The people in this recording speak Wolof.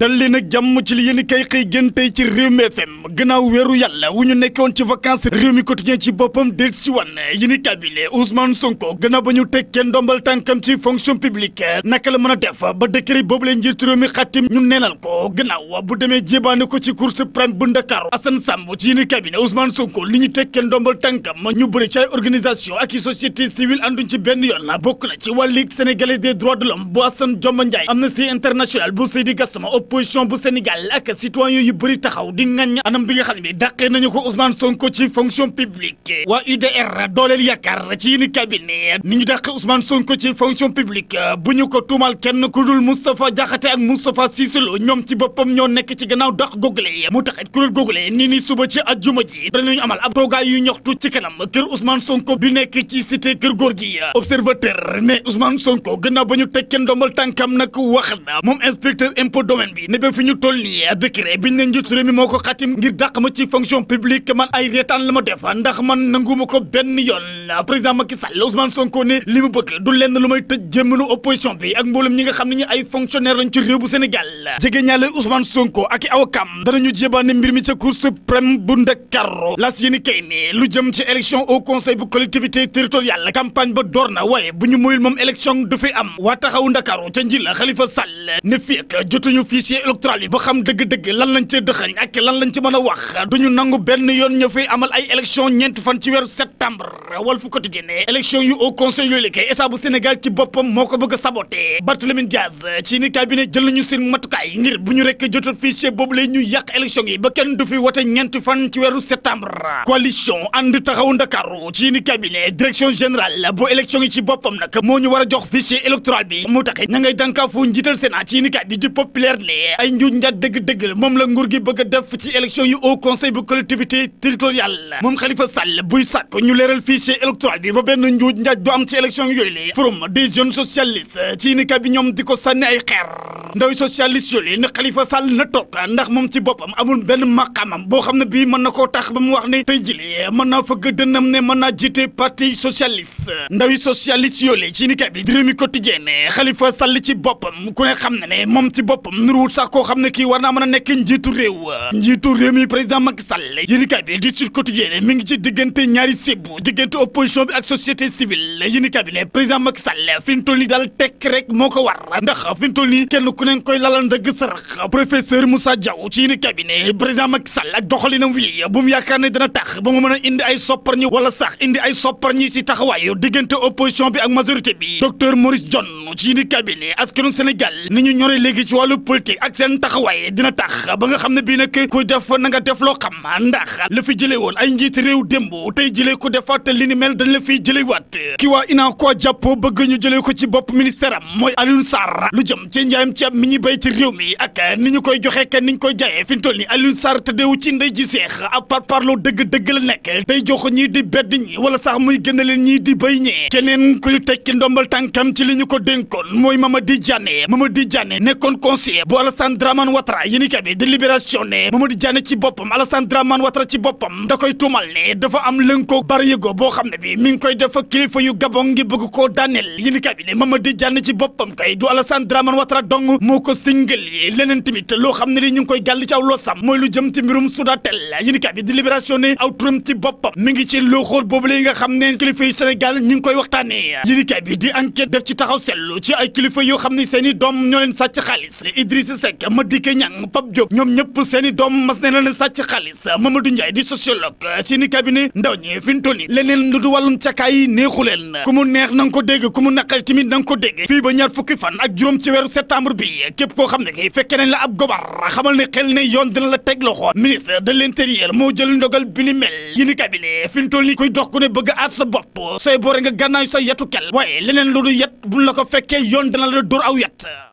dal leen ak jàmm ci li yéen kay xëy gën tey ci réew mi FM gannaaw weeru yàlla wu ñu nekkoon ci vacances réew mi quotidien ci boppam déet si wan yéen i kabile Ousmane Sonko gannaaw ba ñu tekkee ndombal tànkam ci fonction publique naka la mën a def ba décret boobu leen njiit réew mi xàttim ñu neenal ko gannaaw bu demee jébaane ko ci cour suprême bu Ndakaaru Assane Samb ci yéen i kabile son Sonko li ñu tekkee ndombal tànkam ñu bëri ci ay organisation ak i société civile ànduñ ci benn yoon la bokk na ci wàllu Ligue sénégalaise des droits de l'homme bu Assane Dioma Ndiaye Amnesty International bu opposition bu Sénégal ak citoyen yu bëri taxaw di ŋaññ anam bi nga xam ne dàqee nañu ko Ousmane Sonko ci fonction publique waa UDR dooleel yaakaar ci yéen cabinet ni ñu dàqee Ousmane Sonko ci fonction publique bu ñu ko tuumal kenn ku dul Moustapha Diakhaté ak Moustapha Cissé Lo ñoom ci boppam ñoo nekk ci gannaaw dox googule mu taxit kuréel googule ni ni suba ci ajjuma ji danañu amal ab toogaay yu ñoxtu ci kanam kër Ousmane Sonko bi nekk ci cité kër góor gi observateur na moom inspecteur impôt bi ne ba fi ñu toll nii décret biñ ne njiitu réew mi moo ko xatim ngir dàq ma ci fonction publique man ay reetaan la ma def ndax man nanguma ko benn yoon président Macky Sall Ousmane Sonko ne li mu bëgg du lenn lu may tëj jémmanu opposition bi ak mboolem ñi nga xam ne ñi ay fonctionnaire lañ ci réew bu Sénégal jege ñaale Ousmane Sonko ak i awakam danañu jébaane mbir mi ca Cour suprême bu Ndakaaru las yéeni kay ne lu jëm ci élection au conseil bu na waaye bu ñu moyul moom élection du fichier électoral yi ba xam dëgg-dëgg lan lañ ca dëxañ ak lan lañ ci mën a wax duñu nangu benn yoon ñu fiy amal ay élection ñeent fan ci weeru septembre Walf Quotidien élection yu au conseil yooyu la kay état ci boppam moo ko bëgg a saboté Barthélémy Diaz ci ni cabinet jël nañu seen ngir bu ñu rek jotul fichier boobu ñu yàq élection yi ba kenn du fi wote ñeenti fan ci weeru septembre coalition ànd taxawu Ndakaaru ci ni cabinet direction générale bu élection yi ci boppam nag moo ñu war a jox fichier électoral bi mu tax ña ngay dànkaafu njiital Sénat ci ni kaay di populaire ne ay njuuj njaaj dëgg-dëgg la moom la nguur gi bëgg def ci élection yi au conseil bu collectivité territoriale moom Khalifa Sall buy sàkk ñu leeral fichier électoral bi ba benn njuuj njaaj du am ci élection yooyu la forum des jeunes socialistes ci ni ka bi ñoom di ko sànni ay xeer ndaw socialiste yooyu ne Khalifa Sall na toog ndax moom ci boppam amul benn maqaamam boo xam ne bii mën na koo tax ba mu wax ne tey jile mën naa fëgg dënnam ne mën naa jiite parti socialiste ndaw socialiste yooyu ci ni ka bi di Rewmi Quotidien Khalifa Sall ci boppam ku xam ne ne moom ci boppam amul sax koo xam ne kii war naa mën a nekk njiitu réew njiitu réew mi président Macky Sall yéenekaay bi di Sud Quotidien mi ngi ci diggante ñaari sibbu diggante opposition bi ak société civile yéenekaay ko war ndax fi mu toll nii kenn ku ne koy lalal ndëgg sarax professeur Moussa Diaw ci yéenekaay bi ne tax ba mu mën a sax indi ay sopparñi si taxawaayu diggante opposition bi ak majorité bi docteur Maurice John ci yéenekaay bi ne askanu Sénégal ni ñu ñoree léegi ci wàllu politique ci ak seen taxawaay dina tax ba nga xam ne bii nag kuy def na nga def loo xam ndax la fi jëlee woon ay njiiti réew démb tey jëlee ku defaat li ni mel dañ la fiy jëlee ki waa inaa koo jàppoo bëgg ñu jëlee ko ci bopp ministère am mooy Alioune Sarr lu jëm ci njaayam ceeb mi ñu béy ci réew mi ak ni ñu koy joxee kenn ni ñu koy jaayee fi nii toll ni Alioune Sarr tëddeewu ci ndey ji seex a par parloo dëgg dëgg la nekk day jox ñii di bedd ñi wala sax muy gën leen ñii di béy ñee keneen koy ñu tekki ndombal tànkam ci li ñu ko dénkoon mooy ma ma di Diané nekkoon conseiller bu Alassane Dramane Ouattara yéen i bi di libération ne Mamadi Diané ci boppam Alassane Dramane Ouattara ci boppam da koy tuumal ne dafa am lënkoo bari yëgoo boo xam ne bi mi ngi koy def yu Gabon ngi bëgg koo daaneel yéen kat bi ne Mamadi Diagne ci boppam kay du Alassane Dramane Ouattara dong moo ko singal yi leneen tamit loo xam ne li ñu koy gàll ci aw loo mooy lu jëm ci mbirum Soudatel yéen di libération ne aw turam ci boppam mi ngi ci looxóor boobu la nga xam ne kilifa Sénégal ñu koy waxtaanee yéen di enquête def ci taxaw seetlu ci ay kilifa yoo xam ne seen i doom ñoo leen sàcc xaalis Idrissa Seck Madické Niang Pape Diop ñoom ñëpp i doom mas ne génn neex na nga ko dégg ku mu naqari tamit na nga ko dégg fii ba ñaar fukki fan ak juróom ci weeru bi képp koo xam ne kay fekkee nañ la ab gobar xamal ne xel ne yoon dina la teg loxo ministre de l'intérieur moo jël ndogal bi ni mel yi ni kabine fi ñu toll nii kuy dox ku ne bëgg aat sa bopp say boore nga gànnaayu sa yetu kel waaye leneen lu du yet buñ la ko fekkee yoon dina la dóor aw yet